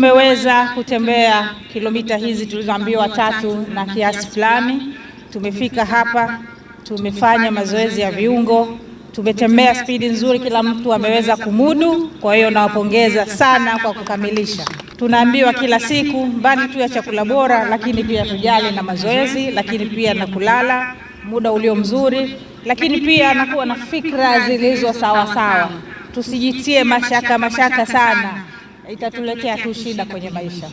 Tumeweza kutembea kilomita hizi tulizoambiwa tatu na kiasi fulani, tumefika hapa, tumefanya mazoezi ya viungo, tumetembea spidi nzuri, kila mtu ameweza kumudu. Kwa hiyo nawapongeza sana kwa kukamilisha. Tunaambiwa kila siku, mbali tu ya chakula bora, lakini pia tujali na mazoezi, lakini pia na kulala muda ulio mzuri, lakini pia nakuwa na fikra zilizo sawa sawa, tusijitie mashaka mashaka sana itatuletea tu shida kwenye maisha.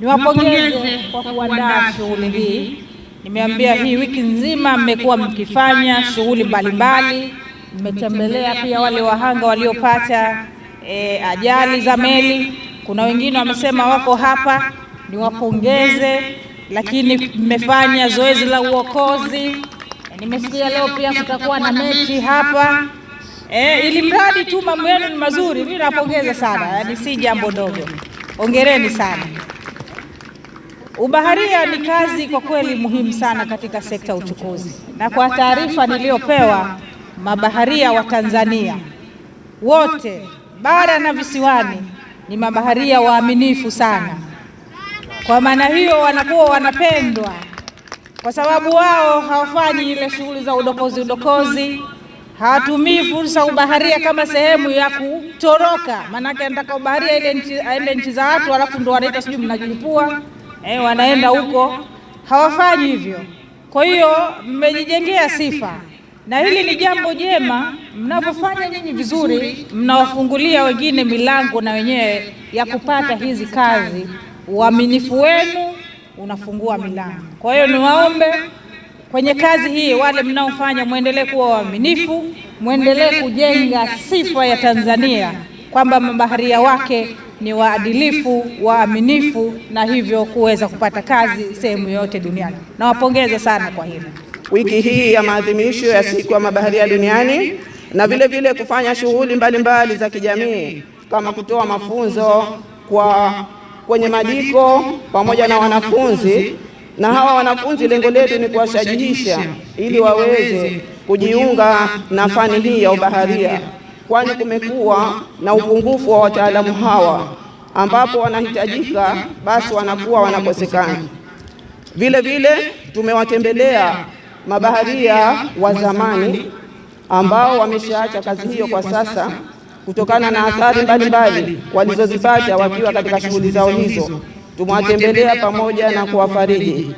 Niwapongeze kwa kuandaa shughuli hii. Nimeambia hii wiki nzima mmekuwa mkifanya shughuli mbalimbali, mmetembelea pia wale wahanga waliopata e, ajali za meli. Kuna wengine wamesema wako hapa, niwapongeze. Lakini mmefanya zoezi la uokozi. Nimesikia leo pia kutakuwa na mechi hapa eh, ili mradi tu mambo yenu ni mazuri. Mimi napongeza sana, yaani si jambo dogo, ongereni sana. Ubaharia ni kazi kwa kweli muhimu sana katika sekta ya uchukuzi, na kwa taarifa niliyopewa, mabaharia wa Tanzania wote bara na visiwani ni mabaharia waaminifu sana. Kwa maana hiyo wanakuwa wanapendwa, kwa sababu wao hawafanyi ile shughuli za udokozi udokozi hatumii fursa ubaharia kama sehemu ya kutoroka, maanake anataka ubaharia ile aende nchi za watu, alafu ndo wanaita sijui mnajilipua eh, wanaenda huko, hawafanyi hivyo. Kwa hiyo mmejijengea sifa na hili ni jambo jema. Mnavyofanya nyinyi vizuri, mnawafungulia wengine milango na wenyewe ya kupata hizi kazi. Uaminifu wenu unafungua milango. Kwa hiyo niwaombe kwenye kazi hii, wale mnaofanya mwendelee kuwa waaminifu, mwendelee kujenga sifa ya Tanzania kwamba mabaharia wake ni waadilifu, waaminifu na hivyo kuweza kupata kazi sehemu yoyote duniani. Nawapongeza sana kwa hilo. Wiki hii ya maadhimisho ya siku ya mabaharia duniani na vile vile kufanya shughuli mbalimbali za kijamii kama kutoa mafunzo kwa kwenye majiko pamoja na wanafunzi na hawa wanafunzi lengo letu ni kuwashajihisha ili waweze kujiunga na fani hii ya ubaharia, kwani kumekuwa na upungufu wa wataalamu hawa, ambapo wanahitajika basi wanakuwa wanakosekana. Vile vile tumewatembelea mabaharia wa zamani ambao wameshaacha kazi hiyo kwa sasa kutokana na athari mbalimbali walizozipata wakiwa katika shughuli zao hizo tumewatembelea pamoja na kuwafariji